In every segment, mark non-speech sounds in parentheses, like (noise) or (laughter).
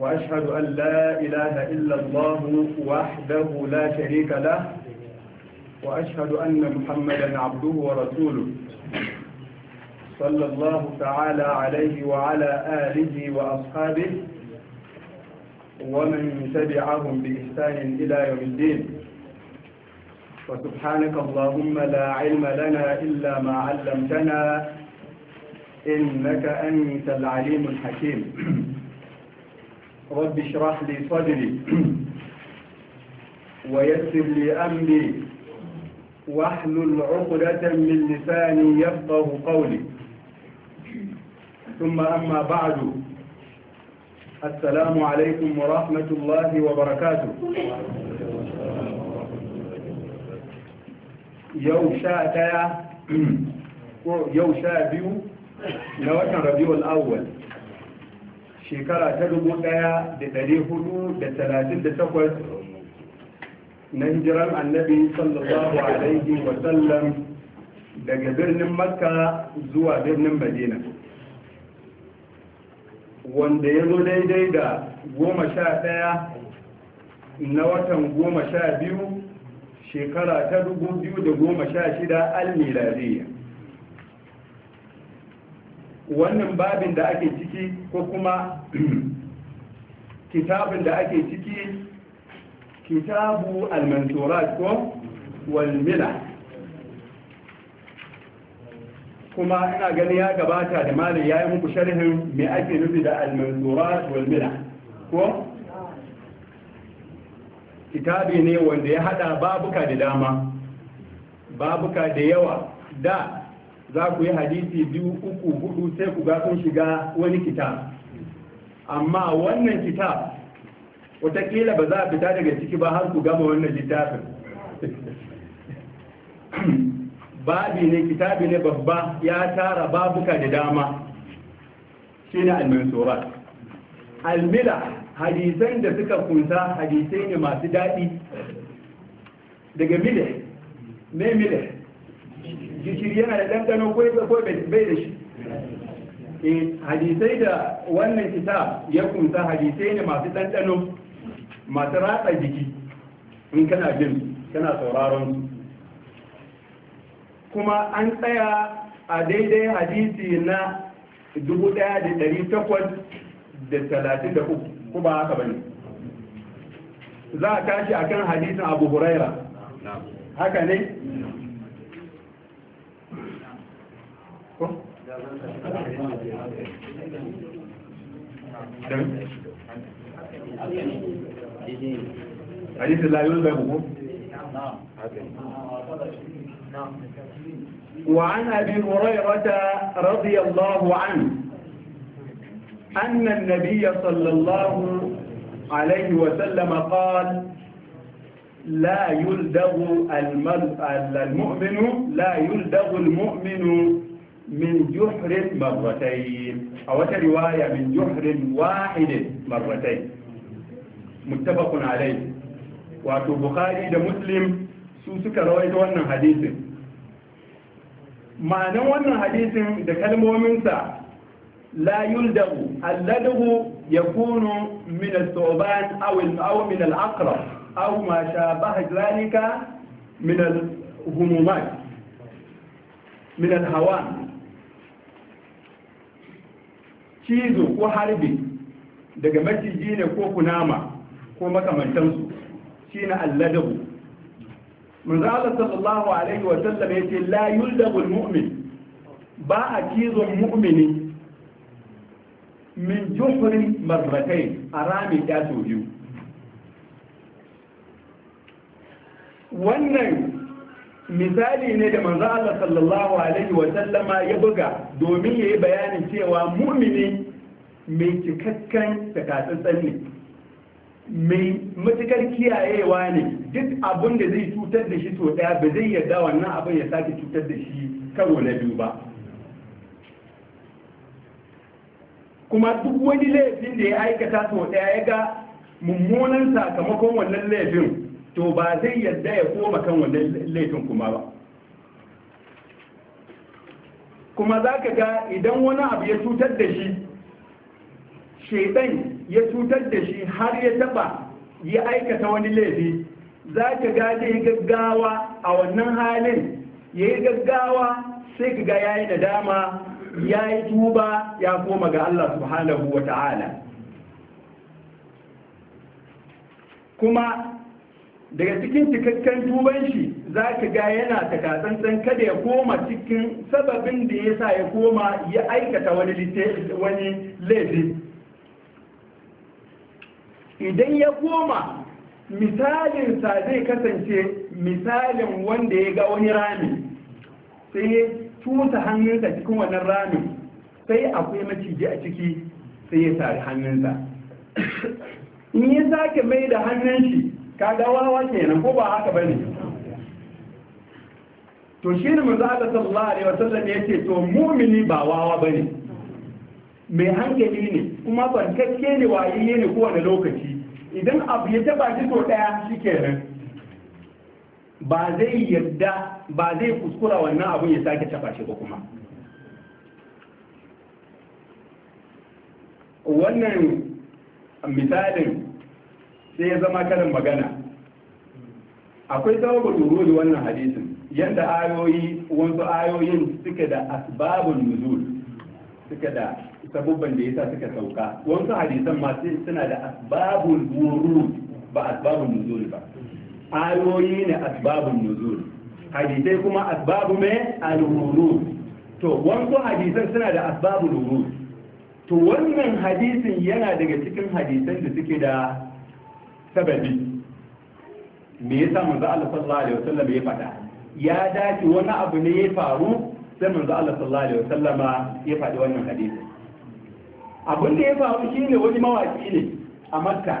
وأشهد أن لا إله إلا الله وحده لا شريك له وأشهد أن محمدا عبده ورسوله صلى الله تعالى عليه وعلى آله وأصحابه ومن تبعهم بإحسان إلى يوم الدين وسبحانك اللهم لا علم لنا إلا ما علمتنا إنك أنت العليم الحكيم رب اشرح لي صدري ويسر لي أمري واحلل عقدة من لساني يفقه قولي ثم أما بعد السلام عليكم ورحمة الله وبركاته يو sha ɗaya ko yau sha الأول shekara ta dubu ɗaya da ɗari hudu da talatin da takwas na hijiran annabi sallallahu alaihi sallam daga birnin makka zuwa birnin madina wanda ya zo daidai da goma sha ɗaya na watan goma sha biyu shekara ta dubu biyu da goma sha shida al wannan babin da ake ciki ko kuma (clears throat) kitabin da ake ciki kitabu al-mansurat ko walmila kuma ina gani ya gabata da malin ya muku sharhin mai ake nufi da al-mansurat walmila ko kitabi ne wanda ya hada babuka da dama babuka da yawa da za ku yi hadisi biyu uku hudu sai ku ga sun shiga wani kitab amma wannan kitab watakila ba za a fita daga ciki ba har ku gama wannan littafin (clears throat) babi ne kitabi ne babba ya tara babuka da dama shine al-mansurat al-mila hadisan da suka kunsa hadisai ne masu daɗi daga mile me mile jikiri yana da ɗanɗano ko ya ko bai da shi eh, hadisai da wannan kita ya kunsa hadisai ne masu ɗanɗano masu ratsa jiki in kana jin kana sauraron su kuma an tsaya a daidai hadisi na 1833 kuma haka bane za a tashi akan hadisin abu huraira haka ne حديث لا يلزم وعن أبي هريرة رضي الله عنه أن النبي صلى الله عليه وسلم قال لا يلدغ المؤمن لا يلدغ المؤمن من جحر مرتين أو رواية من جحر واحد مرتين متفق عليه وفي البخاري ده مسلم سوسك رويت وانا حديث ما نوانا حديث ده كلمة ومنسى لا يلدغ اللدغ يكون من الثعبان أو, أو من الأقرب أو ما شابه ذلك من الهمومات من الهوان cizo ko harbi daga maciji ne ko kunama ko makamantansu shi na alladabu manzala sallallahu alaihi wa sallam yace la yuldabul mu'min ba a cizon mu'mini min juhurin marratai a rami ya biyu wannan misali ne da manzo Allah sallallahu alaihi wa sallama ya buga domin yayi bayanin cewa mu'mini mai cikakken takatsantsan ne mai matukar kiyayewa ne duk abin da zai cutar da shi to daya ba zai yarda wannan abin ya sake cutar da shi karo na biyu ba kuma duk wani laifin da ya aikata to daya ya ga mummunan sakamakon wannan laifin to ba zai yadda ya koma kan wannan laifin kuma ba kuma za ka ga idan wani abu ya cutar da shi shaidan ya cutar da shi har ya taba ya aikata wani laifi za ka ga yi gaggawa a wannan halin ya yi gaggawa sai ka ga ya yi nadama ya yi tuba ya koma ga Allah subhanahu wa ta'ala kuma daga cikin cikakken tuban shi za ka ga yana takatsantsan kada ya koma cikin sababin da ya sa ya koma ya aikata wani laifin idan ya koma misalinsa zai kasance misalin wanda ya ga wani rami sai ya tuta hannunsa cikin wannan ramin sai akwai maciji a ciki sai ya sari hannunsa in ya sake mai da hannun shi kaga wawa kenan ko ba haka bane to shi ne manzo Allah sallallahu alaihi wasallam yace to mu'mini ba wawa bane mai hankali ne kuma barkakke ne waye ne ko kowane lokaci idan abu ya taba shi to daya shikenan ba zai yadda ba zai kuskura wannan abun ya sake taba shi ba kuma wannan misalin sai ya zama karin magana akwai sababin nuzul wannan hadisin yadda ayoyi wasu ayoyin suka da asbabun nuzul suka da sabubban da yasa suka sauka wasu hadisan ma suna da asbabun wurud ba asbabun nuzul ba ayoyi ne asbabun nuzul hadisai kuma asbabu mai al to wasu hadisan suna da asibabin wurud to wannan hadisin yana daga cikin hadisan da suke da sababi me yasa manzo Allah sallallahu alaihi wasallam ya ya dace wani abu ne ya faru sai manzo Allah sallallahu alaihi ya faɗi wannan hadisi abin da ya faru shine wani mawaki ne a Makka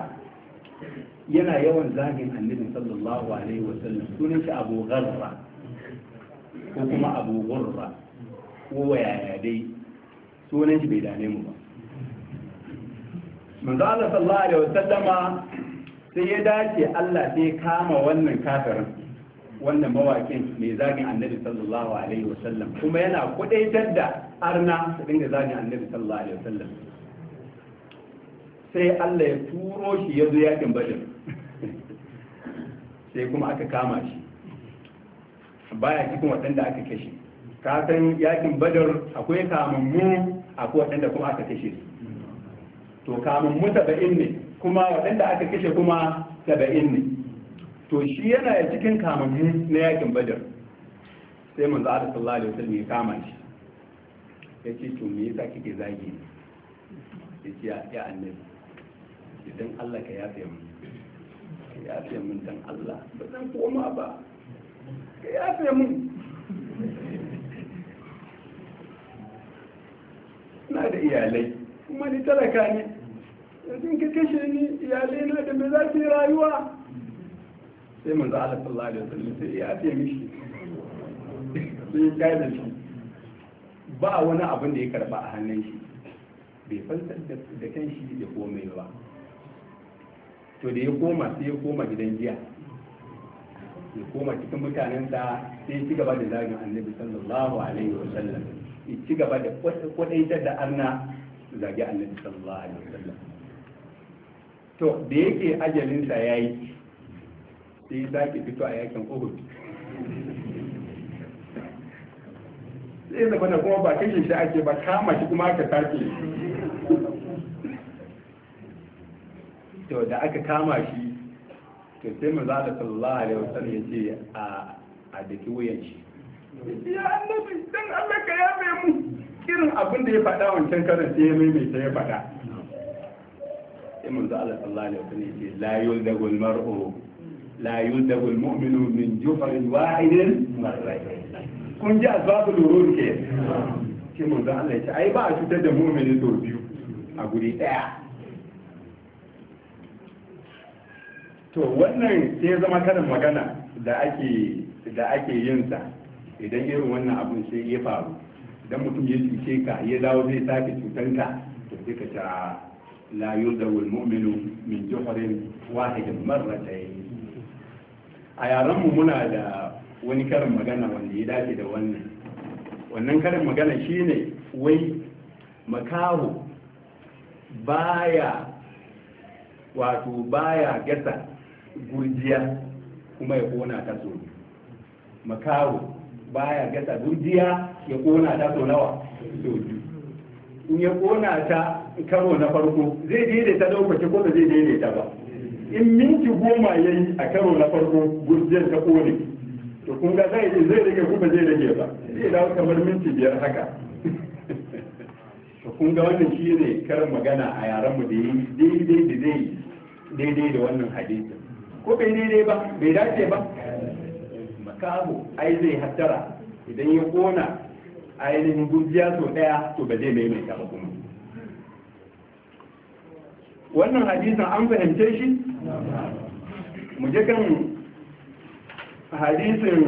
yana yawan zagin annabi sallallahu alaihi wasallam sunan shi Abu Gharra ko kuma Abu Gurra ko yaya dai sunan shi bai dane mu ba manzo Allah sallallahu alaihi sai ya dace Allah sai kama wannan kafirin wannan mawakin mai zagin annabi sallallahu alaihi wa sallam kuma yana kudaitar da arna su dinga zagin annabi sallallahu alaihi sallam sai Allah ya turo shi ya zo yakin badar (laughs) sai kuma aka kama shi baya cikin waɗanda aka kashe ka san yakin badar akwai kamammu akwai waɗanda kuma aka kashe su to kamammu saba'in ne kuma waɗanda aka kashe kuma saba'in ne to shi yana cikin kamanni na yakin badar sai manzo da sallallahu alaihi wasallam ya kama shi ya ce to me yasa kike zagi ya ce ya annabi idan Allah ka yafe mun ka yafe mun dan Allah ba zan koma ba ka yafe mun ina da iyalai kuma ni talaka ne sai ka kashe ni iyalai na da me za rayuwa sai manzo Allah sallallahu alaihi sai ya fiye mishi sai ya kai da shi ba wani abin da ya karba a hannun shi bai fansar da kan shi da komai ba to da ya koma sai ya koma gidan giya ya koma cikin mutanen da sai ya ci gaba da zagin annabi sallallahu alaihi wa sallam ya ci gaba da kwadaitar da arna zagi annabi sallallahu alaihi wa sallam. to da yake ajalinsa ya yi sai sake fito a yakin uhud sai zama da kuma ba kashe shi ake ba kama shi kuma aka sake to da aka kama shi to sai mu zaɗa sallallahu alaihi wasallam ya ce a daki wuyan shi ya annabi dan Allah ka yabe mu irin abin da ya faɗa wancan karin sai ya maimaita ya faɗa sai manzo Allah sallallahu alaihi wasallam yake la yuldagul mar'u la yuldagul mu'minu min jufarin wahidin marratayn kun ji asbabul wurud ke sai manzo Allah yace ai ba a cutar da mu'mini to biyu a guri daya to wannan sai zama karin magana da ake da ake yin sa idan irin wannan abun sai ya faru idan mutum ya cuce ka ya dawo zai sake cutanka to sai ka ta لا يلدغ المؤمن من جحر واحد مرتين a yaranmu muna da wani karin magana wanda ya dace da wannan wannan karin magana shine wai makaho baya wato baya gasa gurjiya kuma ya kona ta so makaho baya gasa gurjiya ya kona ta so nawa so biyu ya kona ta karo na farko zai daidaita lokaci ko da zai daidaita ba in minti goma ya yi a karo na farko gurjiyar ta kone to kun ga zai zai rage kuma zai rage ba zai dawo kamar minti biyar haka (laughs) to kun ga wannan shi ne karin magana a yaren mu da yi daidai da zai daidai da wannan hadisi ko bai daidai ba bai dace ba makabu ai zai hattara idan ya kona ainihin gurjiya sau ɗaya to ba zai maimaita ba kuma wannan hadisin an fahimce shi mu je kan hadisin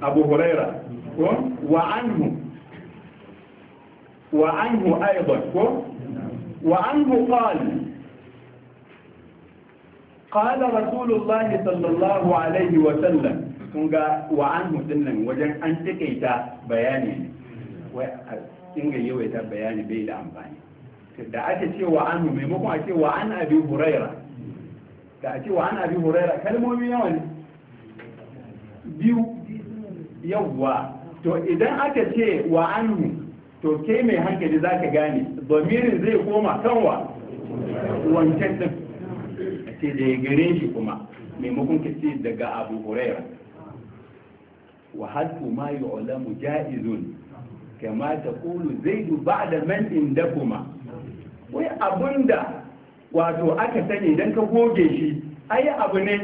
abu huraira ko wa anhu wa anhu aidan ko wa anhu qala قال رسول الله صلى الله عليه وسلم kun ga wa an hudun nan wajen an takaita bayani wai a kinga yawaita bayani bai da amfani da aka ce wa an maimakon a ce wa an abi huraira da a ce wa an abi huraira kalmomi yawa ne biyu yawwa to idan aka ce wa an to ke mai hankali za ka gane domirin zai koma kanwa wancan din a ce da ya gare shi kuma maimakon ka ce daga abu huraira wa haddu ma yu'lamu ja'izun kama taqulu zaidu ba'da man indakuma wai abunda wato aka sani dan ka goge shi ai abu ne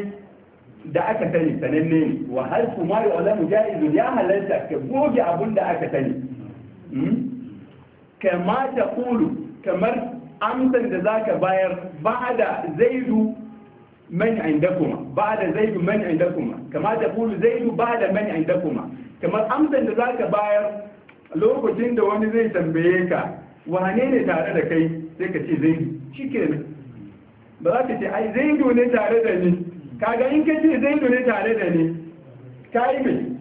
da aka sani sananne ne wa haddu ma yu'lamu ja'izun ya halalta ka goge abunda aka sani hmm? kama taqulu kamar amsan da zaka bayar ba'da zaidu من عندكما بعد زيد من عندكما كما تقول زيد بعد من عندكما كما أمسا ذاك باير لو كنت وانا زي تنبيك وانين تعالى لكي زي كتي زيد شكرا بلاك تي أي زيد وني ونتعالى دني كاقا إن كتي زيد وني ونتعالى دني كايمي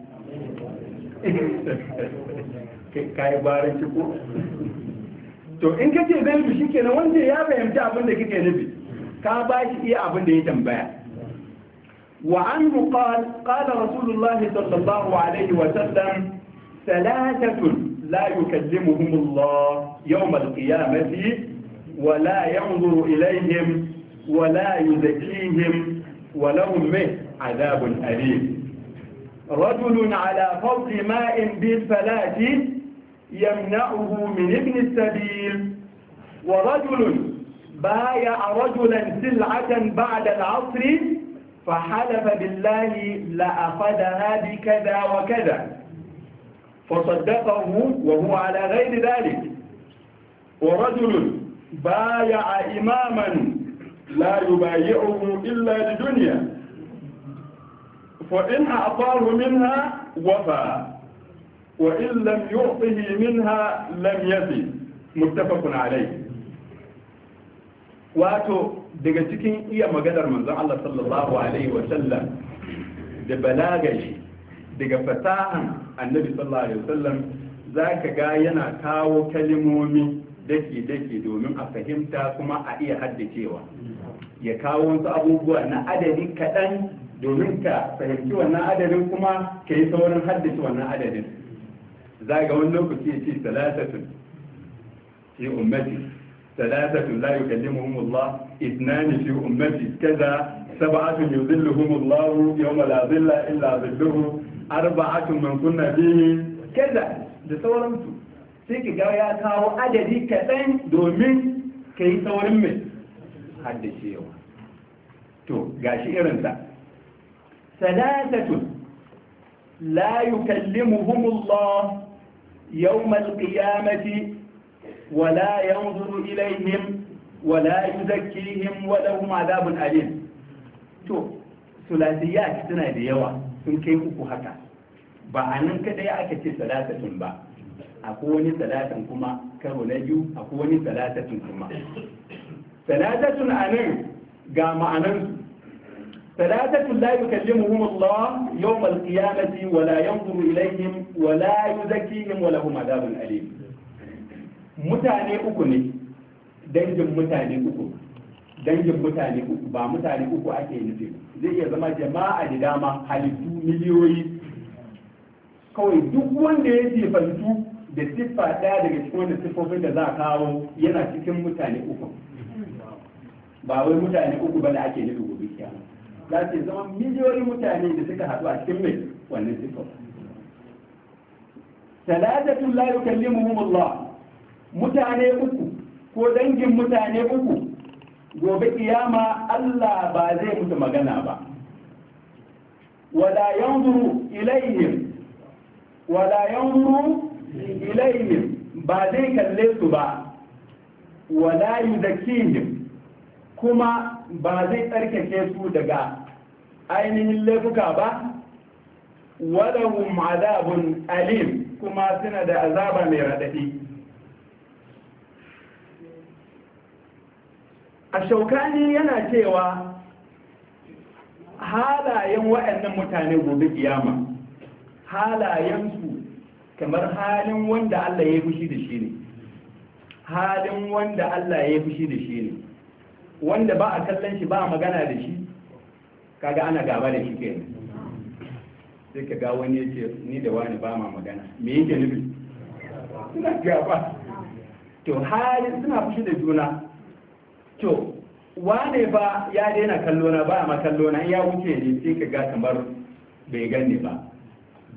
kayi barin ciko to in kace zai shi kenan wanda ya fahimci abin da kike nufi وعنه قال قال رسول الله صلى الله عليه وسلم ثلاثة لا يكلمهم الله يوم القيامة ولا ينظر إليهم ولا يزكيهم ولهم به عذاب أليم رجل على فوق ماء بالفلاة يمنعه من ابن السبيل ورجل بايع رجلا سلعة بعد العصر فحلف بالله لأخذها بكذا وكذا فصدقه وهو على غير ذلك ورجل بايع إماما لا يبايعه إلا لدنيا فإن أعطاه منها وفى وإن لم يعطه منها لم يفي متفق عليه wato daga cikin iya maganar manzon Allah sallallahu alaihi wa sallam da balagashi daga fasahan annabi sallallahu alaihi wa sallam zaka ga yana kawo kalimomi dake dake domin a fahimta kuma a iya haddacewa ya kawo wasu abubuwa na adadi kaɗan domin ka fahimci wannan adadin kuma ka yi saurin haddace wannan adadin za ga wani lokaci ya ce talatatun ummati ثلاثة لا يكلمهم الله اثنان في أمتي كذا سبعة يظلهم الله يوم لا ظل إلا ظله أربعة من كنا فيه كذا da sauransu sai ki ya kawo adadi kaɗan domin ka yi saurin mai haddacewa to gashi irinsa layu kalli yukallimuhumullah yawmal qiyamati ولا ينظر إليهم ولا يزكيهم ولهم عذاب أليم تو ثلاثيات سنة ديوة sun kai uku haka ba a nan kadai aka ce salatatin ba akwai wani salatin kuma karo na biyu akwai wani kuma a ga ma'anansu ثلاثة لا يكلمهم الله يوم القيامة ولا ينظر إليهم ولا يزكيهم ولهم عذاب أليم mutane uku ne dangin mutane uku dangin mutane uku ba mutane uku ake nufi zai iya zama jama'a da dama halittu miliyoyi kawai duk wanda ya fantu da siffa ɗaya daga cikin wanda siffofin da za a kawo yana cikin mutane uku ba wai mutane uku ba da ake nufi gobe kiyama za su zama miliyoyin mutane da suka haɗu a cikin mai wannan siffofin ثلاثة لا يكلمهم mutane uku ko dangin mutane uku gobe kiyama Allah ba zai mutu magana ba wala yanzuru ilaihim wala yanzuru ilaihim ba zai kalle su ba wala yuzakkihim kuma ba zai tsarkake su daga ainihin laifuka ba walahum adabun alim kuma suna da azaba mai radadi a shaukani yana cewa halayen waɗannan mutane gobe kiyama halayensu kamar halin wanda Allah ya fushi da shi ne halin wanda Allah ya fushi da shi ne wanda ba a kallon shi ba magana da shi kaga ana gaba da shi kenan sai ka ga wani yace ni da wani ba ma magana me yake nufi suna gaba to halin suna fushi da juna to wane ba ya daina kallona ba ma kallona ya wuce ne sai ka ga kamar bai gane ba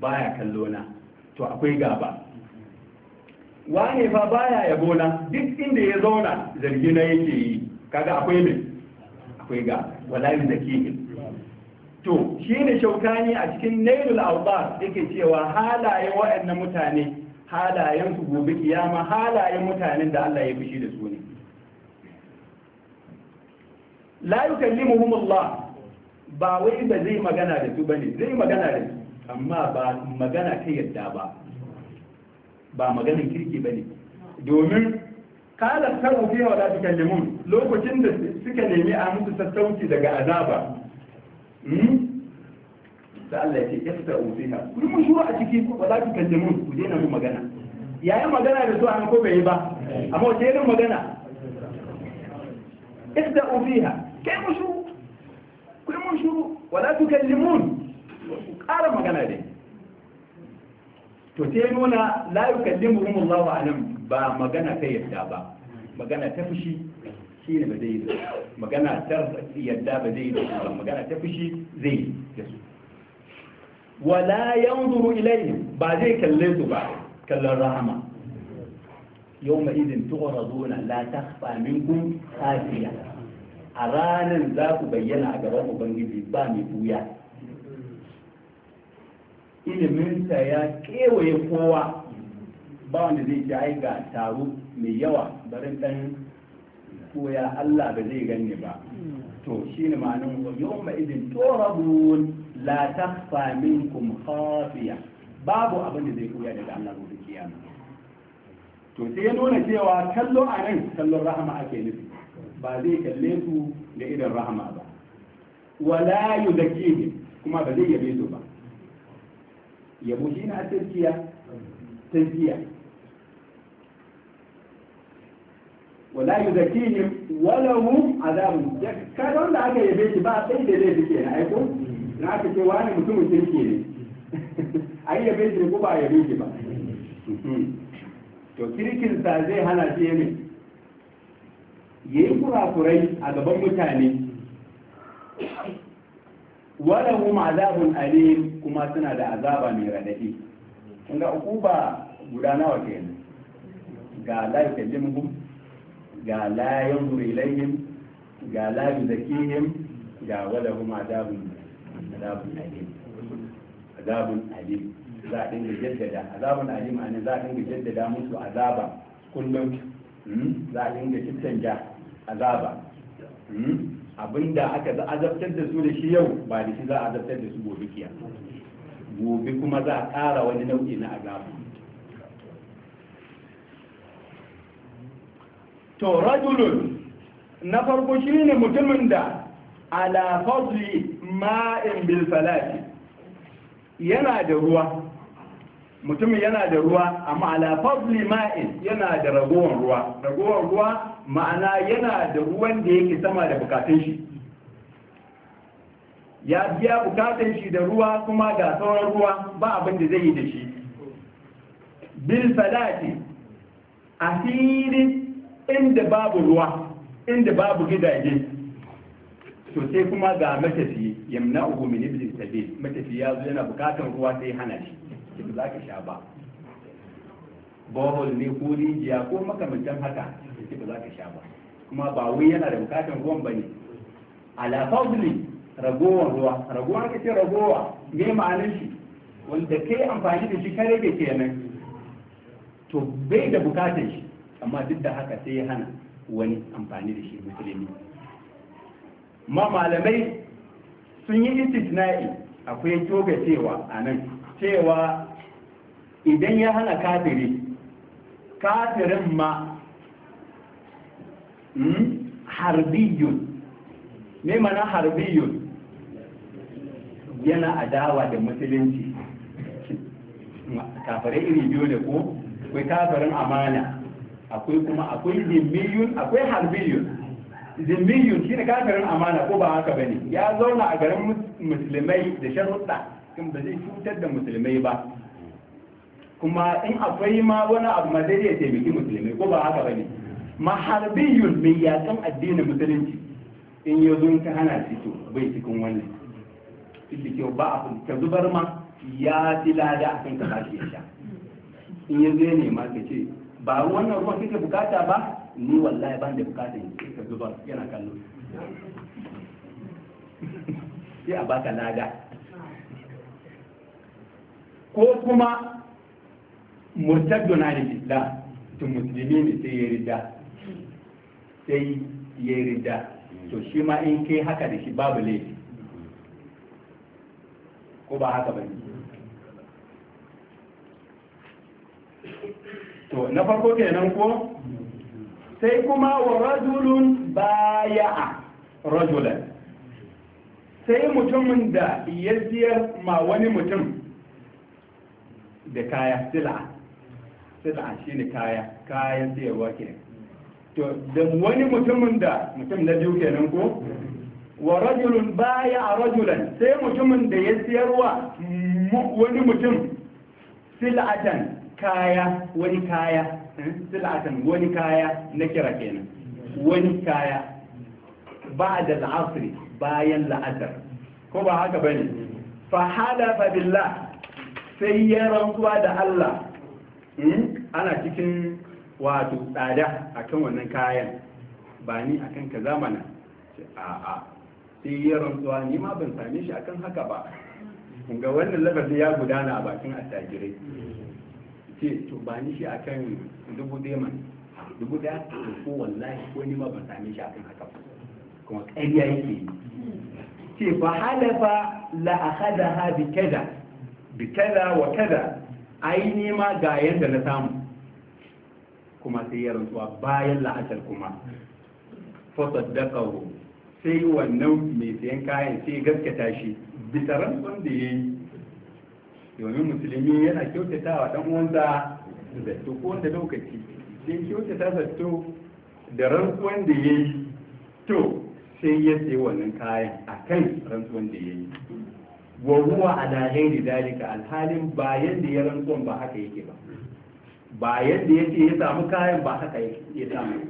baya kallona to akwai gaba wane ba baya yabona duk inda ya zauna zargi na yake yi kaga akwai mai akwai ga walayu zakihin to shi ne shaukani a cikin nailul albar yake cewa halayen waɗannan mutane halayen su gobe kiyama halayen mutanen da Allah ya fushi da su la yukallimuhum Allah ba wai ba zai magana da su bane zai magana da su amma ba magana ta yadda ba ba maganin kirki bane domin kala karu fi wa la tukallimun lokacin da suka nemi a musu sassauci daga azaba hmm? da Allah ya ce ifta'u fiha kun mun shuru a ciki ba za ku kalle mun ku daina mun magana yayin magana da su a ko bai yi ba amma wace irin magana ifta'u ha. kai mun shuru kai mun shuru wala tukallimun ƙara magana dai to sai nuna la yukallimuhum Allahu alam ba magana ta yadda ba magana ta fushi shi ba zai magana ta yadda ba zai yi da magana ta fushi zai yi da su wala yanzuru ilayhim ba zai kalle su ba kallon rahama yawma idin tu'raduna la takhfa minkum khafiya a ranar za ku bayyana a gaban ubangiji ba mai buya iliminsa ya kewaye kowa ba wanda zai ce ai ga taro mai yawa barin ɗan koya Allah ba zai ganni ba to shi ne ma'anin yawma idin turabun la takhfa minkum khafiya babu abin da zai koya daga Allah gobe kiyama to sai ya nuna cewa kallo nan kallon rahama ake nufi ba zai kalle su da idan rahama ba wala yuzakkihim kuma ba zai yabe su ba yabo shi na tafiya tafiya wala yuzakkihim wala hum azabun ka don da aka yabe shi ba sai da zai fike na aiko na aka ce wani mutumin kirki ne (laughs) ai yabe shi ko ba yabe shi ba (laughs) to kirkin sa zai hana shi ne ya yi kurakurai a gaban mutane wadda kuma azabun alim kuma suna da azaba mai radadi kun ga ba guda nawa yanzu ga la yukallimuhum ga layan yanzuru ilayhim ga la yuzakihim ga wadda kuma azabun alim azabun alim za a dinga jaddada azabun alim a za a dinga jaddada musu azaba kullum hmm? za a dinga cancanja azaba hmm? abinda aka azabtar da su da shi yau ba da shi za a azabtar da su gobe kiya gobe kuma za a ƙara wani nau'i na azaba to rajulun na farko shi ne mutumin da ala fadli ma'in bil falati yana da ruwa mutumin yana da ruwa amma ala fadli ma'in yana da ragowar ruwa ragowar ruwa ma'ana yana da ruwan da yake sama da bukatun shi ya biya bukatun shi da ruwa kuma ga sauran ruwa ba abin da zai yi da shi bil salati a filin inda babu ruwa inda babu gidaje to sai kuma ga matafiya yamna ugu min ibn sabil matafiya yana bukatan ruwa sai hana shi ce ba za ka sha ba bohol ne ko rijiya ko makamancin haka ya ce ba za ka sha ba kuma ba wai yana da bukatan ruwan ba ne alafazuli ragowar ruwa ragowar ka ce ragowa me ma'anin shi wanda ke amfani da shi kare ke kenan to bai da bukatan shi amma duk da haka sai ya hana wani amfani da shi musulmi ma malamai sun yi istisna'i akwai toga cewa a nan cewa idan ya hana kafiri kafirin ma hmm, harbiyun ne mana harbiyun yana adawa da musulunci kafirai iri biyu ne ko akwai kafirin amana akwai kuma akwai zimmiyun akwai harbiyun zimmiyun shi ne kafirin amana ko ba haka bane ya zauna a garin musulmai da sharuɗa kan ba zai cutar da musulmai ba kuma in akwai ma wani abu ma zai taimaki musulmi ko ba haka bane maharbiyun mai yakan addinin musulunci in ya zo ka hana shi to bai cikin wannan cikin kyau ba a ka zubar ma ya fi lada a ka bashi ya sha in ya zo ne ma ka ce ba wannan ruwan kake bukata ba ni wallahi ban da bukata in ka zubar yana kallo sai a baka lada ko kuma murtaddun da islam to musulmi ne sai ya rida sai ya rida to shi ma in kai haka da shi babu laifi ko ba haka ba to na farko kenan ko sai kuma wa rajulun baya'a rajulan sai mutumin da ya siyar ma wani mutum da kaya sila sita shine kaya kayan sayarwa wake to da wani mutumin da mutum na biyu kenan ko wa rajulun baya a rajulan sai mutumin da ya siyarwa wani mutum sil'atan kaya wani kaya eh, sil'atan wani kaya na kira kenan wani kaya ba da la'asri bayan la'asar ko ba haka bane fa halafa billah sai ya rantsuwa da Allah Hmm? ana cikin wato tsada a kan wannan kayan ba ni kan ka zamana a'a sai yi rantsuwa ni ma ban same shi akan haka ba ga wannan labarin ya gudana a bakin attajirai ce to ba ni shi akan dubu deman dubu da ko wallahi ko ni ma ban same shi akan haka ba kuma ƙarya yake ce fa halafa la ha bi kada bi kada wa kada. ai nema ga yadda na samu kuma sai ya rantsuwa bayan la'asar kuma da ƙaho sai wannan mai sayan kayan sai gaskata shi bisa rantsuwan da ya yi. domin musulmi yana kyautata wa ɗan wanda zato ko wanda lokaci sai kyautata zato da rantsuwan da ya yi to sai ya sayi wannan kayan a kan rantsuwan da ya yi. wa huwa ala ghairi dalika alhalin ba yadda ya rantsun ba haka yake ba ba yadda yake ya samu kayan ba haka ya samu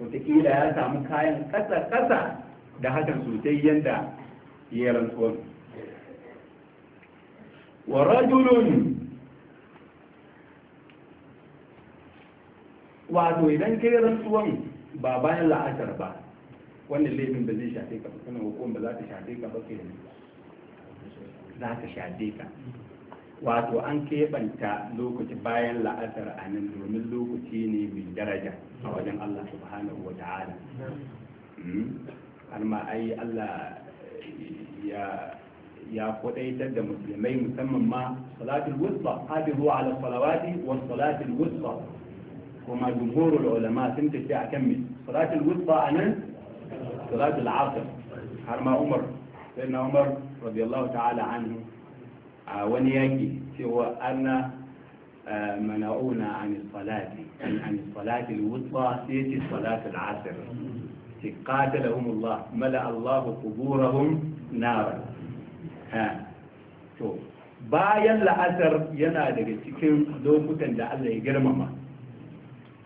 wataƙila ya samu kayan ƙasa-ƙasa da hakan sosai yadda ya rantsun wa rajulun wato idan kai rantsuwan ba bayan la'asar ba wannan laifin ba zai shafe ka ba kana hukum ba za ta shafe ka ba ke za ta shafe ka wato an keɓanta lokaci bayan la'asar a nan domin lokaci ne mai daraja a wajen Allah subhanahu wa ta'ala har ma ai Allah ya kwadaitar da musulmai musamman ma salatul wusta hadiru ala salawati wa salatul wusta kuma jumhurul ulama sun tafi akan mai salatul wusta anan صلاة العصر حرم عمر سيدنا عمر رضي الله تعالى عنه آه، ونياجي سوى ان آه، منعونا عن الصلاة عن الصلاة الوسطى سيتي صلاة العصر قاتلهم الله ملأ الله قبورهم نارا ها شوف بايا العصر ينادر سكين دوكتا لألا يجرم مصر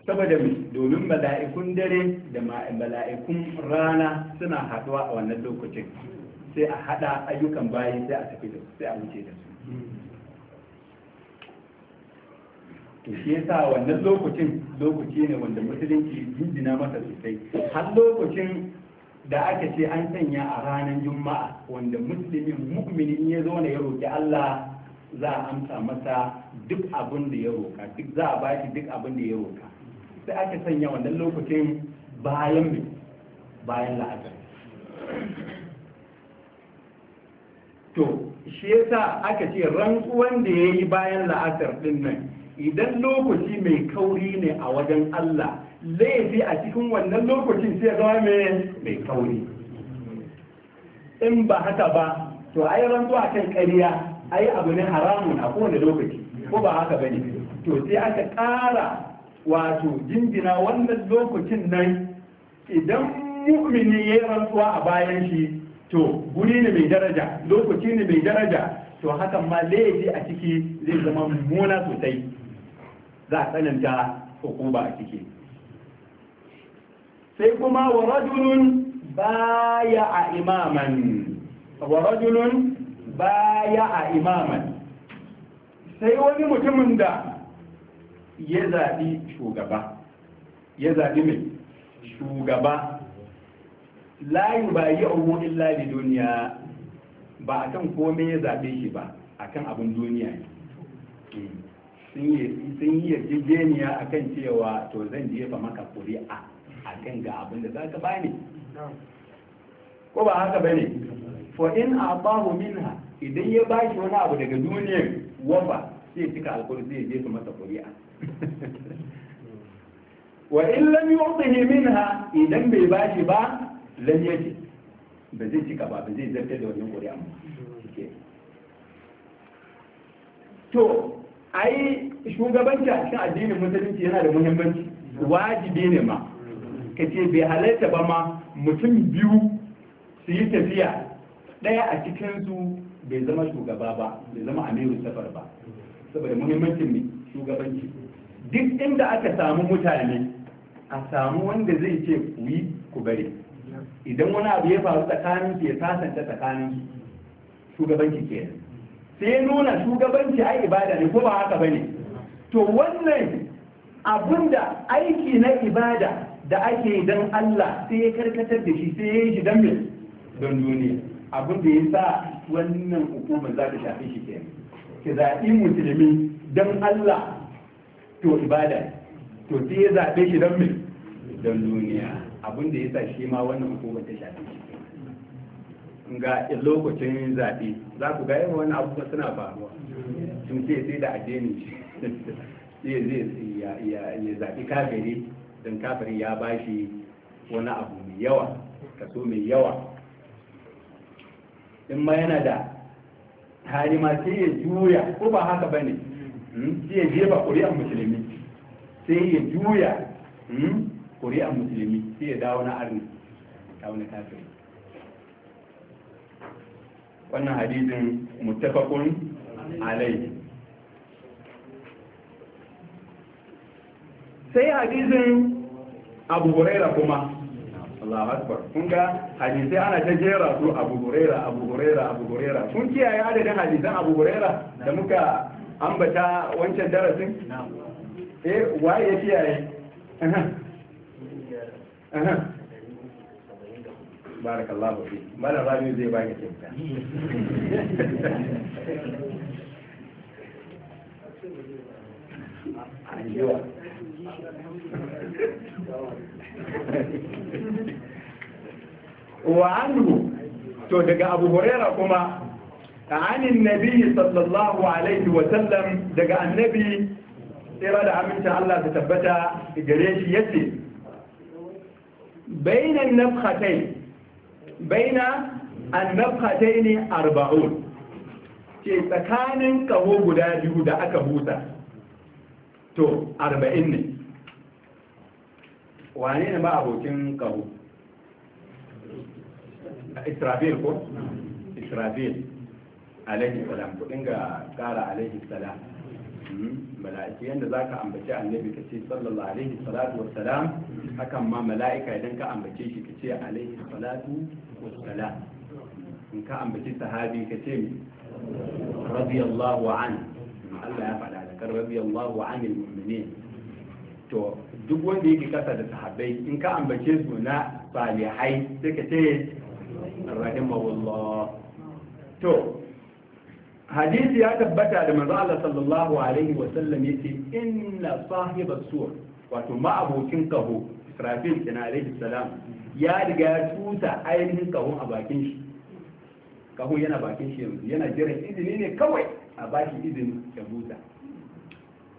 saboda domin mala'ikun dare da mala'ikun rana suna haɗuwa a wannan lokacin sai a haɗa ayyukan bayi sai a tafi da sai a wuce da su to shi yasa wannan lokacin lokaci ne wanda musulunci jinjina masa sosai har lokacin da aka ce an sanya a ranar juma'a wanda musulmin mu'minin ya zo ne ya roƙi Allah za a amsa masa duk abin da ya roƙa duk za a bashi duk abin da ya roƙa sai aka sanya wannan lokacin bayan mai bayan la'adar to shi yasa aka ce rantsuwan da ya yi bayan la'asar din nan idan lokaci mai kauri ne a wajen Allah laifi a cikin wannan lokacin sai zama mai kauri in ba haka ba to a yi rantsuwa kan kariya a yi abu ne haramun a kowane lokaci ko ba haka ba ne to sai aka ƙara wato jinjina wannan lokacin nan idan mu'mini ya rantsuwa a bayan shi to guri ne mai daraja lokaci ne mai daraja to hakan ma laifi a ciki zai zama mummuna sosai za a tsananta hukuma a ciki sai kuma wa rajulun baya a imaman wa rajulun baya a imaman sai wani mutumin da ya zaɓi shugaba ya zaɓi mai shugaba layu ba yi a wurin da duniya ba a kan kome ya zaɓe shi ba a kan abin duniya ne sun yi yarjejeniya a kan cewa to zan jefa maka ƙuri'a a kan ga abin da za ka bani ko ba haka ba ne for in a bahu minha idan ya ba shi wani abu daga duniyar wafa sai cika alkawari zai jefa masa ƙuri'a wa in lam yu'tihi minha idan bai bashi ba lam yaji ba zai cika ba ba zai zarta da wannan ƙuri'a ba to ai shugabanci a cikin addinin musulunci yana da muhimmanci wajibi ne ma kace bai halarta ba ma mutum biyu su yi tafiya ɗaya a cikinsu bai zama shugaba ba bai zama amiru safar ba saboda muhimmancin ne shugabanci duk inda aka samu mutane a samu wanda zai ce ku yi ku bari idan wani abu ya faru tsakanin ke ya sasanta tsakanin shugabanci ke sai nuna shugabanci ai ibada ne ko ba haka bane to wannan da aiki na ibada da ake yi don Allah sai ya karkatar da shi sai ya yi shi don me don duniya da ya sa wannan hukumar za ta shafi shi ke ke zaɓi musulmi don Allah to ibada to sai ya zaɓe shi don mai don duniya abin da ya sa shi ma wannan hukumar ta shafi shi ga lokacin zaɓe za ku ga yawan abubuwa suna faruwa sun ce sai da addini shi zai ya zaɓi kafiri don kafiri ya ba shi wani abu mai yawa kaso mai yawa in ma yana da harima sai ya juya ko ba haka ba ne Hmm? sai ya jefa ƙuri'an musulmi sai ya juya hmm, ƙuri'an musulmi sai ya dawo na arni ta wani kafin wannan hadisin mutafakun alai sai hadisin abu huraira kuma Allah akbar kun ga hadisai ana ta jera su abu huraira abu huraira abu huraira kun kiyaye adadin hadisan abu huraira da muka an bata wancan darasin eh waye ya kiyaye barakallahu fi mana rami zai baka kyauta ayyuwa wa anhu to daga abu huraira kuma anin nabi sallallahu alaihi wa sallam daga annabi tsira da amincin Allah ta tabbata gare shi yace baina nafhatai baina annabhatai ne arba'un ke tsakanin kaho guda biyu da aka busa to arba'in ne wane ne abokin ko alaihi salam ku dinga kara alaihi salam hmm, mala'iki yanda zaka ambaci annabi ka ce sallallahu alaihi salatu wassalam hakan ma mala'ika idan ka ambace shi ka ce alaihi salatu wassalam in ka ambaci sahabi ka ce radiyallahu an Allah ya faɗa da kar radiyallahu anil mu'minin to duk wanda yake kasa da sahabbai in ka ambace su na salihai sai ka ce rahimahullah to hadisi ya tabbata da manzo Allah sallallahu alaihi wa sallam yace inna sahiba sur wato ma abokin kaho Israfil kina alaihi salam ya riga ya tuta ainihin kaho a bakin shi kaho yana bakin shi yanzu yana jiran izini ne kawai a bashi izini ya buta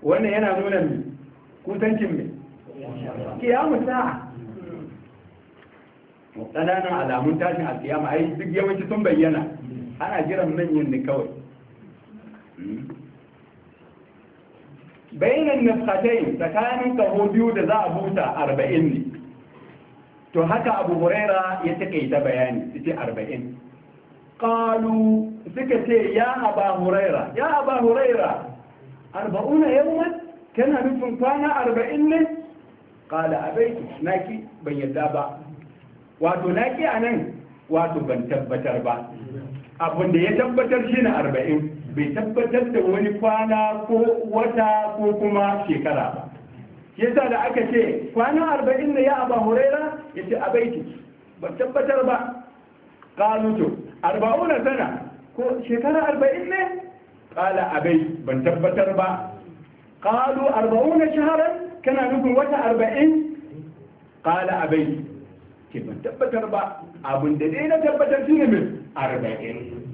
wannan yana nuna mi kutancin mai kiyamu sa'a ƙananan alamun tashin alkiyama ai duk yawanci sun bayyana ana jiran manyan ne kawai bainan nafhatai tsakanin kaho biyu da za a buta arba'in ne to haka abu huraira ya yi ta bayani ita arba'in ƙalu suka ce ya aba huraira ya aba huraira arba'una yawman kana nufin kwana arba'in ne a abaitu naki ban yadda ba wato naki nan, wato ban tabbatar ba abin da ya tabbatar shi na arba'in bai tabbatar da wani kwana ko wata ko kuma shekara yasa da aka ce kwana arba'in da ya aba huraira ya ce a baiti ba tabbatar ba kaluto arba'una sana ko shekara arba'in ne kala a bai ban tabbatar ba kalu arba'una shaharar kana nufin wata arba'in kala a bai ke ban tabbatar ba abin da dai na tabbatar shi ne min arba'in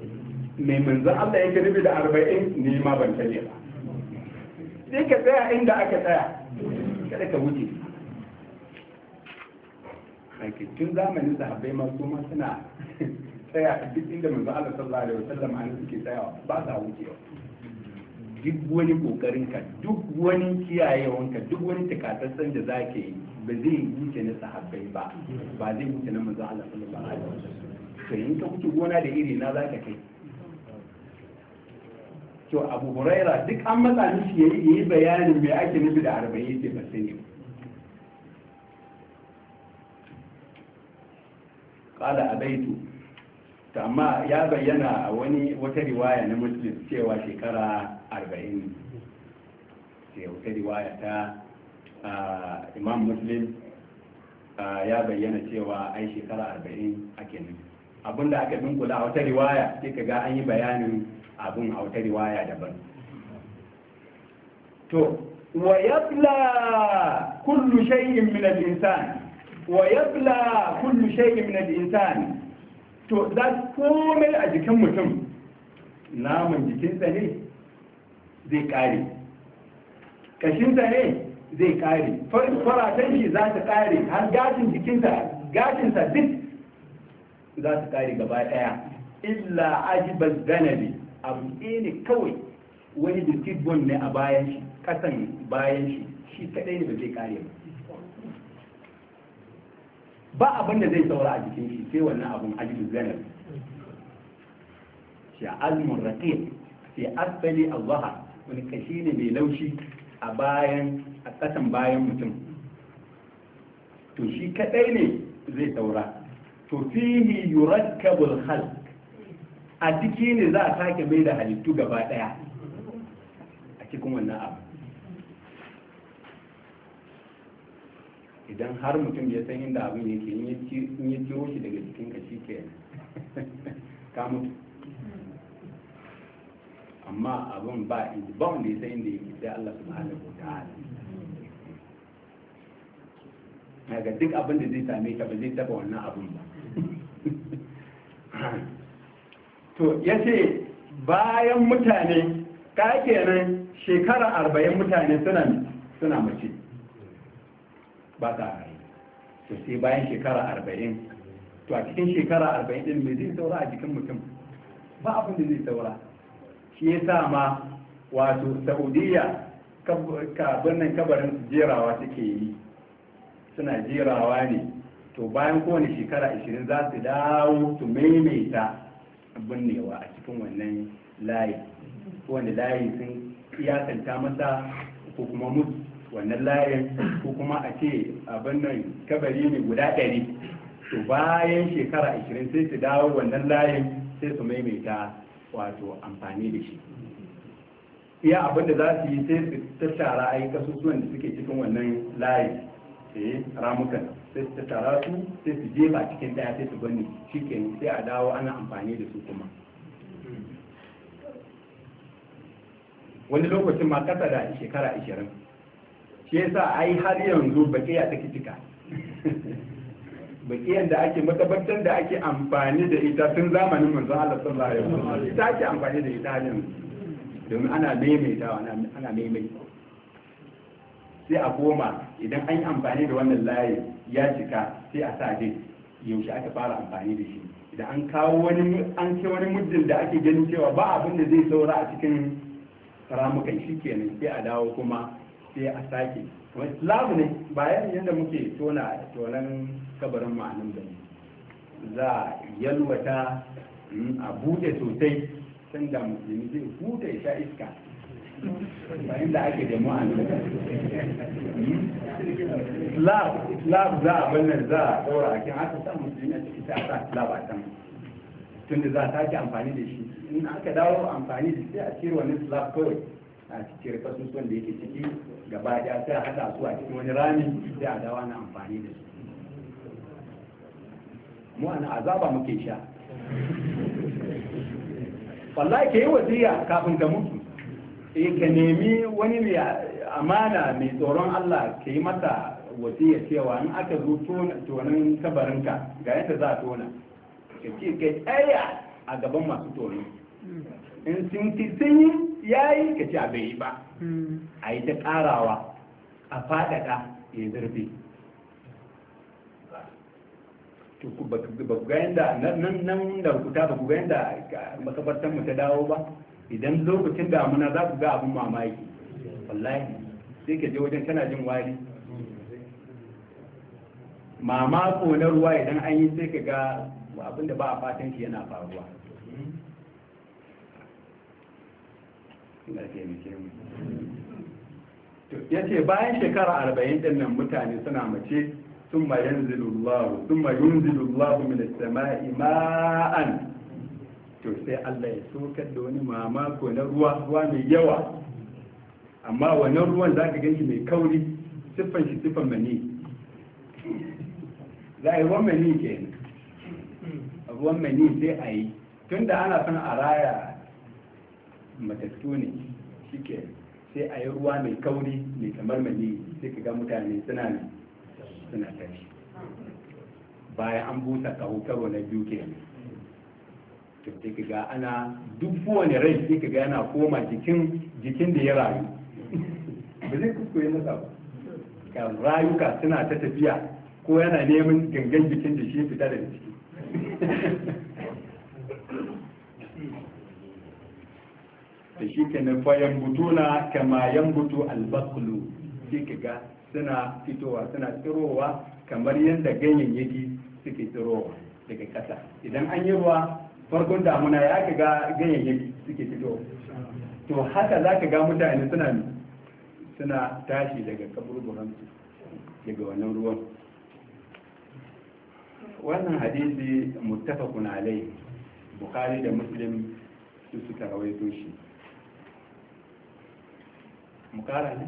mai manzo Allah yake nufi da arba'in ne ma ban tare ba sai ka tsaya inda aka tsaya kada ka wuce ake tun zamanin sahabbai ma su ma suna tsaya a duk inda manzo Allah sallallahu alaihi wasallam an suke tsayawa ba sa wucewa duk wani kokarin ka duk wani kiyayewan ka duk wani takatsantsan da zaka yi ba zai wuce na sahabbai ba ba zai wuce na manzo Allah sallallahu alaihi wasallam to in ka wuce gona da iri na zaka kai to abu huraira duk an matsa mishi ya yi bayanin mai ake nufi da arba'in ce ba sani kala abaitu ta amma ya bayyana wani wata riwaya na muslim cewa shekara arba'in ce wata riwaya ta imam muslim ya bayyana cewa ai shekara arba'in ake nufi abinda aka dunkula a wata riwaya sai ka ga an yi bayanin abun a wata riwaya daban to wa yabla kullu shay'in min al-insan wa yabla kullu shay'in min al-insan to za komai a jikin mutum namun jikinsa ne zai kare kashinsa ne zai kare faratan shi za ta kare har gashin jikinsa gashinsa duk za su kare gaba daya illa ajibal ganabi abu ɗaya ne kawai wani biskit bon ne a bayan shi kasan bayan shi shi kaɗai ne ba zai kare ba ba abin da zai saura a jikin shi sai wannan abun ajiyu zanar shi azmun raqiq sai asfali al-zahar wani kashi ne mai laushi a bayan a kasan bayan mutum to shi kaɗai ne zai saura to fihi yurakkabul khalq a ciki ne za a sake mai da halittu gaba daya a cikin wannan abu idan har mutum ya san inda abin yake in ya ciro shi daga cikin ka shi ke (laughs) ka mutu amma abin ba ba wanda ya san inda yake sai Allah subhanahu wa na ga duk abin da zai same ka ba zai taba wannan abin ba (laughs) to ya ce bayan mutane ka kenan shekara arba'in mutane suna mace ba ta hari to sai bayan shekara arba'in to a cikin shekara arba'in din mai zai saura a jikin mutum ba abin da zai saura shi ya sa ma wato saudiya birnin kabarin jerawa suke yi suna jerawa ne to bayan kowane shekara 20 za su dawo su maimaita bunnewa a cikin wannan layi wanda layi sun iyakanta masa ko kuma mutu wannan layin ko kuma a ce abin nan kabari ne guda ɗari to bayan shekara ashirin sai su dawo wannan layin sai su maimaita wato amfani da shi iya abin da za su yi sai su tattara ai kasusuwan da suke cikin wannan layin eh ramukan sai su tara su sai su jefa cikin daya sai su bani shikenan sai a dawo ana amfani da su kuma wani lokacin ma kasa da shekara ashirin shi yasa yi har yanzu baƙiya take cika bakiyan da ake makabartar da ake amfani da ita tun zamanin manzon Allah sallallahu alaihi wasallam ita ake amfani da ita har yanzu domin ana maimaitawa ana maimaitawa sai a koma idan an yi amfani da wannan layin ya cika sai a sa dai yaushe aka fara amfani da shi idan an kawo wani an ce wani muddin da ake ganin cewa ba abin da zai saura a cikin ramukan shi kenan sai a dawo kuma sai a sake kuma islamu ne bayan yadda muke tona tonan kabarin ma'anin da za a yalwata mm, a bude sosai sanda musulmi zai bude sha iska bayan da ake jama'a lab lab za a bannan za a daura a kin haka san musulmi a ciki sai a sa lab a can tun da za a sake amfani da shi in aka dawo amfani da sai a cire wani lab kawai a cire kasusuwan da yake ciki gaba ɗaya sai a haɗa su a cikin wani rami sai a dawo na amfani da su mu ana azaba muke sha wallahi ke yi wasiya kafin ka mutu eh ka nemi wani mai amana mai tsoron Allah ka yi masa wasiya cewa in aka zo tonin kabarinka ga yadda za a tona ka ce ka tsaya a gaban masu toni in sun ki sun yi ya yi ka ce a bai yi ba a yi ta karawa a faɗaɗa ya zurfi ba ku ga yadda nan da rukuta ba ku ga yadda makabartanmu mu ta dawo ba idan lokacin damuna za ku ga abin mamaki wallahi sai ka je wajen kana jin wari mama na ruwa idan an yi sai ka ga abin da ba a fatan shi yana faruwa ya ce bayan shekara arba'in din nan mutane suna mace sun ma yanzilullahu sun ma yunzilullahu min samai ma'an to sai Allah ya sokar da wani mamako na ruwa ruwa mai yawa amma wannan ruwan za ka gan mai kauri siffan shi siffan mani za a yi ruwan mani ke ruwan mani sai a yi tun da ana son a raya matattu ne shi ke sai a yi ruwa mai kauri mai kamar mani sai ka ga mutane suna ne suna tashi bayan an busa kawo karo na biyu ke to ana duk kowane rai sai ka ga yana koma jikin jikin da ya rayu ba zai kuskure masa ba kan rayuka suna ta tafiya ko yana neman gangan jikin da shi fita daga ciki da shi ke nan fayan butuna kama yambutu butu albaklu sai ka suna fitowa suna tsirowa kamar yadda ganyayyaki suke tsirowa daga ƙasa idan an yi ruwa farkon damuna ya ka ga ganyayyaki suke fito to haka za ka ga mutane suna suna tashi daga kaburburansu daga wannan ruwan wannan hadisi muttafaqun alai bukhari da muslim su suka rawaito shi mukara ne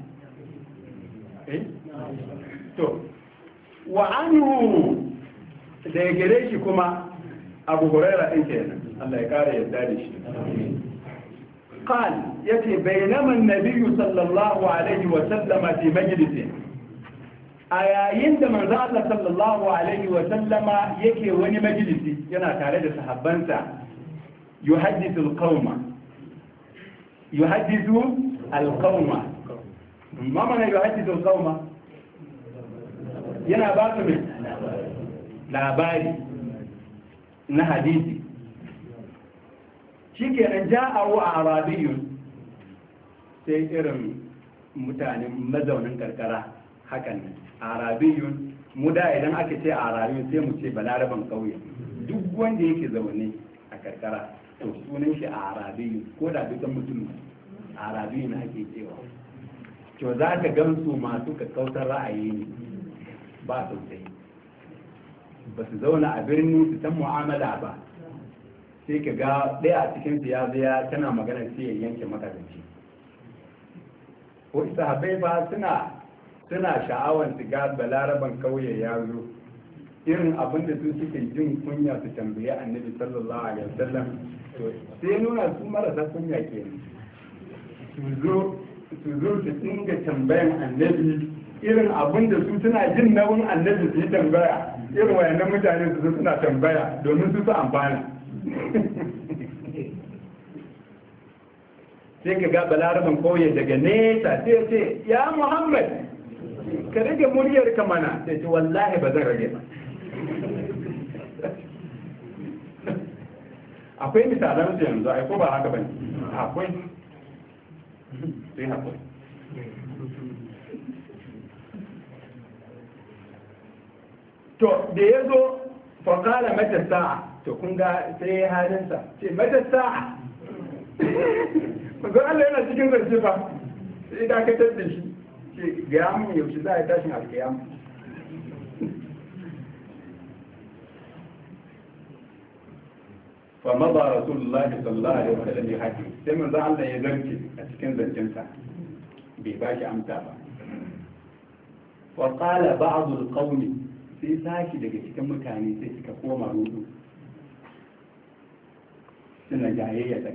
eh to wa anhu da gare shi kuma أبو هريرة yake Allah ya kare yadda قال يتي بينما النبي صلى الله عليه وسلم في مجلسه ايين ده من الله صلى الله عليه وسلم يكي وني مجلسي ينا تاري ده يحدث القوم يحدث القوم ما معنى يحدث القوم ينا باكم لا باري na hadisi shi ke na ja a arabiyun sai irin mutanen mazaunin karkara hakan a arabiyun mu da idan aka ce a arabiyun sai mu ce balaraban kauye duk wanda yake zaune a karkara to sunan shi a arabiyun ko da dukkan mutum a arabiyun ake cewa to za ka gamsu masu kakkautar ra'ayi ne ba sosai ba su zauna a birni su san mu'amala ba sai ka ga ɗaya a cikin su ya zaya tana magana sai ya yanke maka zance ko sahabbai ba suna suna sha'awar su ga balaraban kauye ya zo irin abin da su suke jin kunya su tambaye annabi sallallahu alaihi wasallam to sai nuna su marasa kunya ke su su zo su dinga tambayan annabi irin abin da su suna jin nauyin annabi su yi tambaya irin wayannan mutane su suna tambaya domin su su amfana sai ka ga balarabin kauye daga nesa sai ce ya muhammad ka rage muryar ka mana sai ce wallahi ba zan rage ba akwai misalan su yanzu ai ko ba haka ba akwai sai akwai to da ya zo faƙala mata sa'a to kun ga sai ya halinsa ce mata sa'a zai Allah yana cikin zarce ba sai dakatar da shi ce ya mun yaushe za a yi tashin alkiyama fa maza rasulullah sallallahu alaihi wasallam ya haƙi sai manzo Allah ya zarce a cikin zancensa bai ba shi amsa ba وقال بعض القوم sai tashi daga cikin mutane sai suka koma rudu suna jayayya su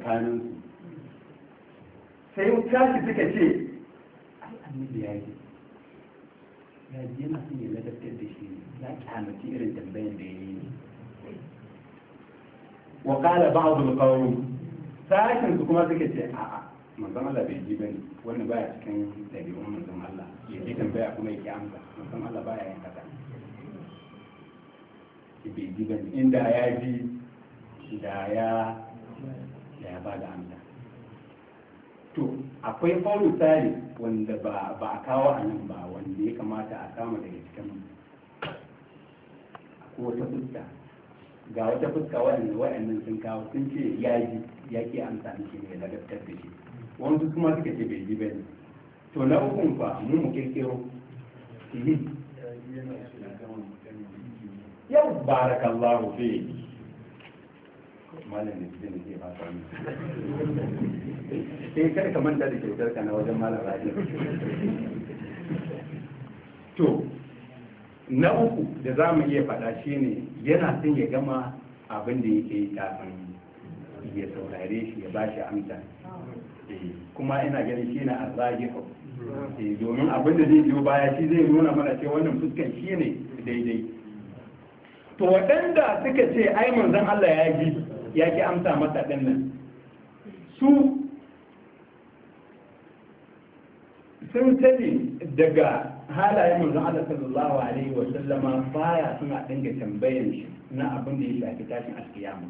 sai tashi suka ce ai annabi ya yi ya ji yana sun yi ladabtar da shi ya kyamaci irin tambayar da ya yi wa kala ba'dul kawo sashen su kuma suka ce a'a manzon Allah bai ji bane wannan baya cikin dabi'un manzon Allah ya ji tambaya kuma ya ki amsa manzon Allah baya yin haka bai ji ba inda ya ji da ya ya ba da amsa to akwai faru tsari wanda ba a kawo a nan ba wanda ya kamata a samu daga cikin ko wata fuska ga wata fuska waɗanda waɗannan sun kawo sun ce ya ji ya ke amsa miki ne na daftar da shi wasu kuma suka ce bai ji ba ne to na ukun fa mu mu kirkiro eh, yau barakallahu fi malam da zai ne ba ta eh kai ka manta da kyautar ka na wajen malam rabi to na uku da za mu iya faɗa ne yana son ya gama abin da yake yi kafin ya saurare shi ya ba shi amsa eh, kuma ina ganin shi na ko. Eh, domin abin da zai biyo baya shi zai nuna mana cewa wannan fuskan shi ne daidai to waɗanda suka ce ai zan Allah ya ji ya ki amsa masa ɗin nan su sun sani daga halayen manzan Allah sallallahu alaihi wa sallama baya suna dinga tambayan shi na abin da ya shafi tashin alkiyama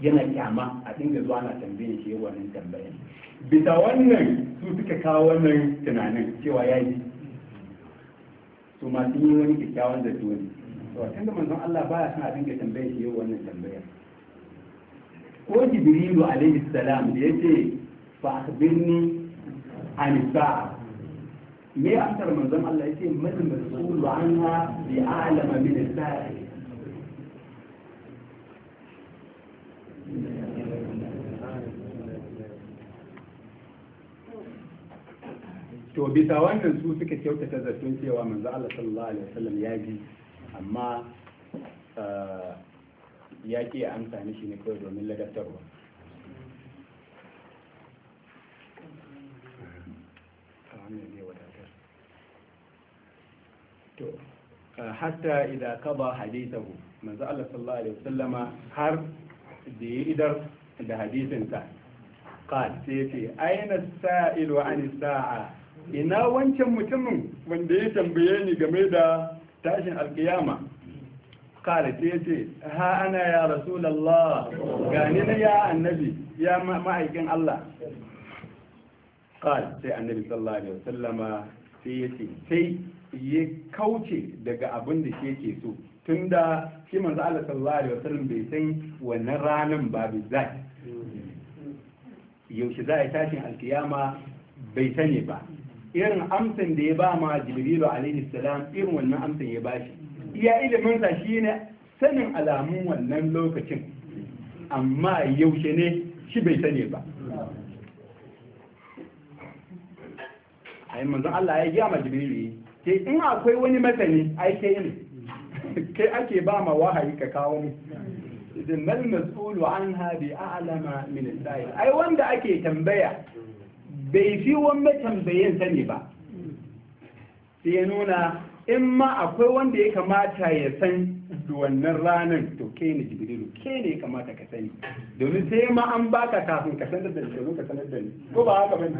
yana kyama a dinga zuwa na tambayan shi wannan tambayan bisa wannan su suka kawo wannan tunanin cewa ya yi su masu yi wani kyakkyawan zato ne to tunda manzon Allah baya son a dinga tambayar shi yau wannan tambayar ko jibrilu alaihi salam da yace fa akhbirni an sa'a me amsar manzon Allah yace mal mas'ul anha bi a'lama min as-sa'i to bisa wannan su suka kyautata zaton cewa manzo Allah sallallahu alaihi wasallam ya ji amma eh, ya ke ya amsa shi ne kawai domin ladatarwa eh, hatta idan kaba hadisahu manzo Allah sallallahu alaihi wasallama har da ya idar da hadisinsa qal sai ce aina sa'ilu an sa'a ina wancan mutumin wanda ya tambaye ni game da tashin alkiyama kare ce ce ha ana ya rasulallah gani na ya annabi ya ma'aikin Allah kare sai annabi sallallahu alaihi wasallama sai ya ce sai ya kauce daga abin da shi ke so da shi manzo Allah sallallahu alaihi wasallam bai san wannan ranan ba yau yaushe za a tashin alkiyama bai sani ba irin amsan da ya ba ma jibrilu alaihi salam irin wannan amsan ya bashi iya ilimin shi shine sanin alamun wannan lokacin amma yaushe ne shi bai sani ba ai manzon Allah ya gaya ma jibrilu ke in akwai wani masani ai ke ke ake ba ma wahayi ka kawo mu idan mal mas'ulu anha bi a'lama min sa'il ai wanda ake tambaya bai fi wanda tambayen sani ba sai ya nuna in ma akwai wanda ya kamata ya san wannan ranar to ke ne jibrilu ke ne ya kamata ka sani domin sai ma an baka kafin ka sanar da shi ka sanar da ni ko ba haka bane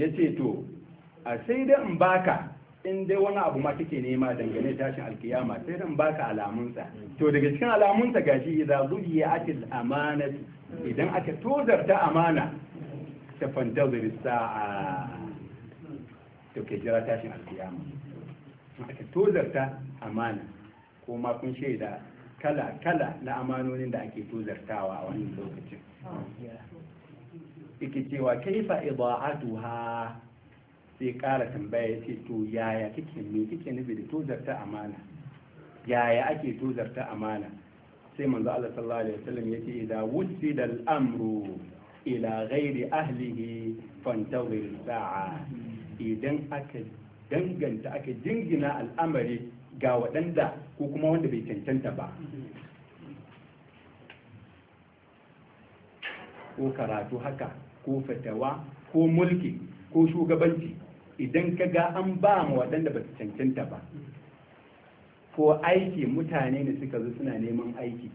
ya ce to a sai da in baka in dai wani abu ma kake nema dangane tashin alkiyama sai dan baka alamunsa to daga cikin alamunsa gashi idza atil amanatu idan aka tozarta amana ta fantazir sa'a to ke jira tashin alkiyama aka tozarta amana ko ma kun shaida kala kala na amanonin da ake tozartawa a wannan lokacin oh, yake cewa kaifa idaatuha sai kara tambaya ya ce to yaya kike me kike nufi da tozarta amana yaya ake tozarta amana sai manzo Allah sallallahu alaihi wasallam yace idan wusi dal amru ila ghairi ahlihi fantawil sa'a idan aka danganta aka jingina al'amari ga waɗanda ko kuma wanda bai cancanta ba ko karatu haka ko fatawa ko mulki ko shugabanci idan ka ga an ba mu waɗanda ba su cancanta ba ko aiki mutane ne suka zo suna neman aiki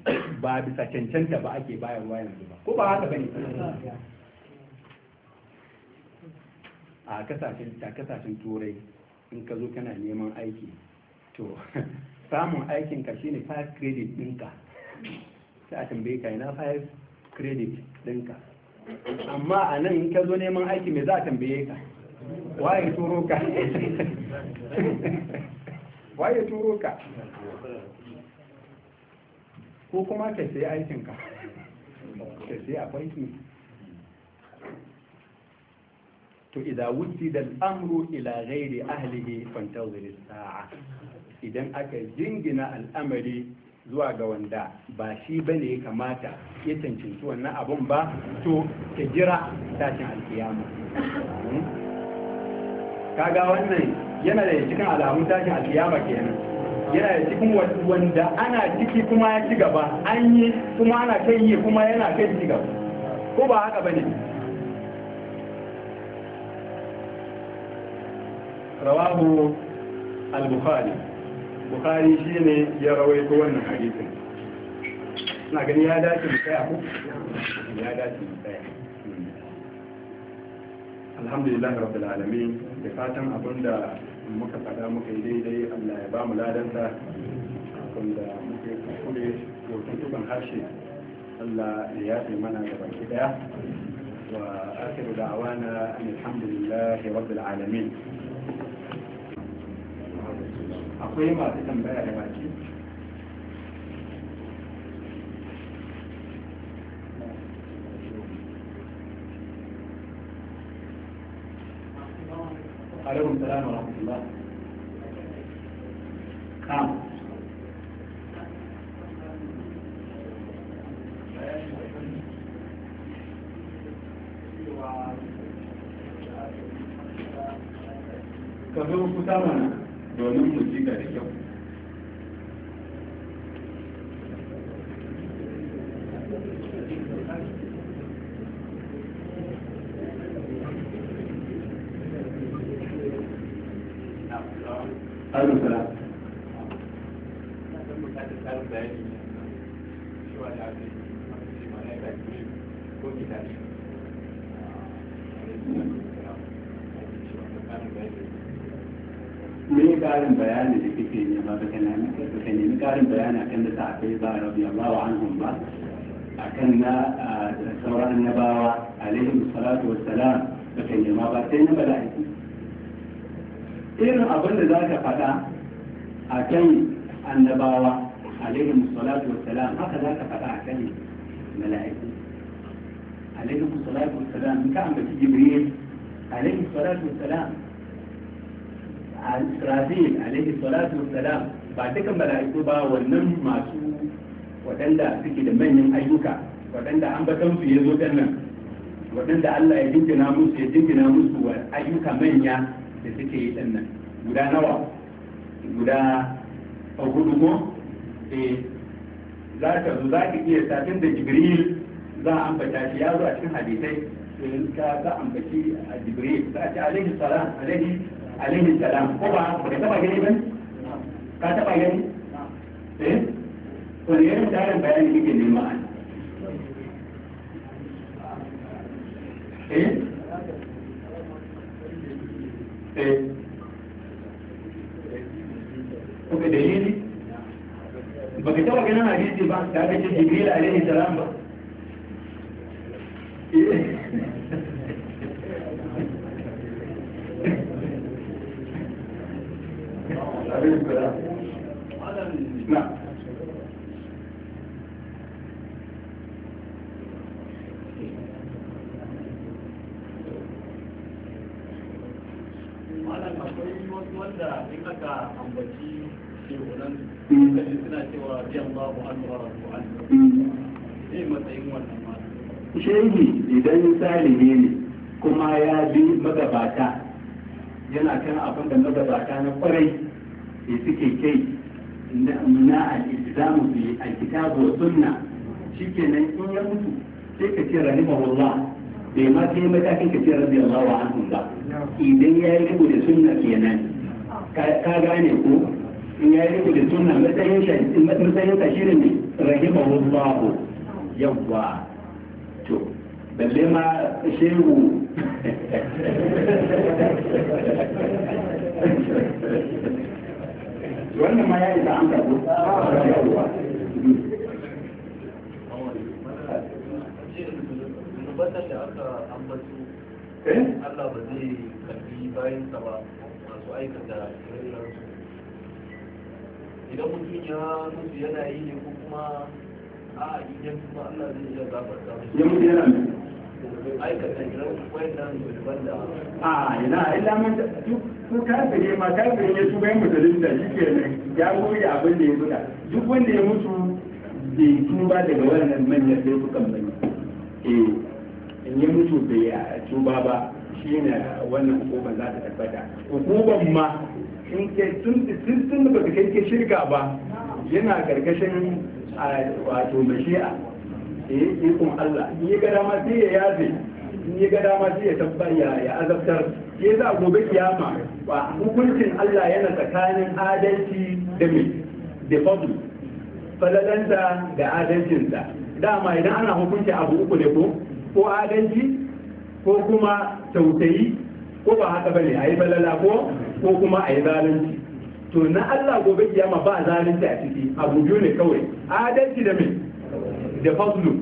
ba bisa cancanta ba ake bayarwa yanzu ba ko ba haka ba ne. a kasashen ta kasashen turai in ka zo kana neman aiki to (laughs) samun aikin ka shine five credit ɗinka sai a tambaye ka ina five credit ɗinka amma a nan in ka zo neman aiki me za a tambaye ka waye turo ka waye turo ka ko kuma ka sai aikin ka ka sai akwai ki to idan wuti da al'amru ila ghairi ahlihi fantazir sa'a idan aka jingina al'amari zuwa ga wanda ba shi bane ya kamata ya cancanci wannan abun ba to ka jira tashin alkiyama hmm? kaga wannan yana da cikin alamun tashin alkiyama kenan yana da cikin wanda ana ciki kuma ya ci gaba an yi kuma ana kai yi kuma yana kai ci gaba ko ba haka bane rawahu al-bukhari bukhari shine ya rawaito wannan hadisin na gani ya dace mu tsaya ko ya dace mu tsaya alhamdulillah rabbil alamin da fatan abinda muka faɗa muka yi daidai Allah ya ba mu ladanta abinda muka yi harshe Allah ya yafe mana da baki daya wa akhiru da'wana alhamdulillah rabbil alamin akwai masu tambaya da baki alaikum salam wa rahmatullah kam ka zo بكلامك بكلامك قارن بيان أكن تعبير بار رضي الله عنهم بار أكن سورة النبوة عليهم الصلاة والسلام بكلام ما النبوة عليهم الصلاة والسلام هكذا ذاك فدا الصلاة والسلام كان بجبريل عليه الصلاة والسلام Israfil alaihi salatu wassalam ba dukan mala'iku ba wannan masu waɗanda suke da manyan ayyuka waɗanda an batan su ya zo nan waɗanda Allah ya jinjina musu ya jinjina musu wa ayyuka manya da suke yi ɗan nan guda nawa guda a hudu ko eh za ka zo za ka iya satin da jibril za a ambata shi ya zo a cikin hadisai ka za a ambaci a jibril za a ce alaihi salam alaihi alaihi salam ko ba ka taba gani ba ka taba gani eh to ne yayin tarin bayani kike nema an eh eh ko dalili baka taba ganin hadisi ba da aka ce jibril alaihi salam ba yana kan abin da magabata na kwarai da suke kai na al'islamu bi alkitabu wa sunna shikenan in ya mutu sai ka ce rahimahullah bai ma kai matakin ka ce radiyallahu anhu ba idan ya yi riko da sunna kenan ka gane ko in ya yi riko da sunna matsayin ka shirin ne rahimahullah yawwa to balle ma shehu wannan ma ya isa an karbo da aka ambatu eh? Allah ba zai karbi bayan sa ba masu aikata irin idan mutum ya mutu yana yi ne ko kuma a idan kuma Allah zai iya gafarta ya mutu yana a ah, ina illa man duk ko kafire ma kafire bayan tuba ya musulunta ne ya goge abin da ya buga duk wanda ya mutu bai tuba daga wannan manyan sai sukan bane eh in ya mutu bai ah, tuba ba shi ne wannan hukumar za ta tabbata hukumar ma in ke sun sun ba ka kai ke shirka ba yana karkashin ah, wato mashi'a E, eh, ya kun Allah in ya gada ma sai ya yafe in ya gada ma sai ya tabbaya, ya azabtar ya za gobe kiyama ba hukuncin Allah yana tsakanin adalci da mai da fadl falalanta da adalcinsa dama idan ana hukunci abu uku ne ko ko adalci ko kuma tausayi ko ba haka bane ayi falala ko ko kuma ayi zalunci to na Allah gobe kiyama ba zalunci a ciki abu biyu ne kawai adalci da mai da fasulu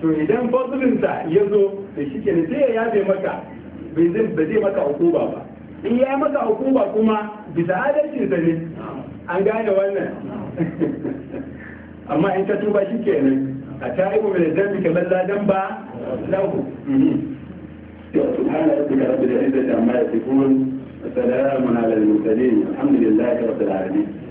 to idan fasulunsa ya zo da shi ke sai ya yabe maka bai zai maka hukuma ba in ya maka hukuma kuma bisa adalci da ne an gane wannan amma in ka tuba shi ke nan a tarihu mai zambi kamar ladan ba lahu سبحان ربك رب العزة عما يصفون وسلام على المرسلين الحمد لله رب العالمين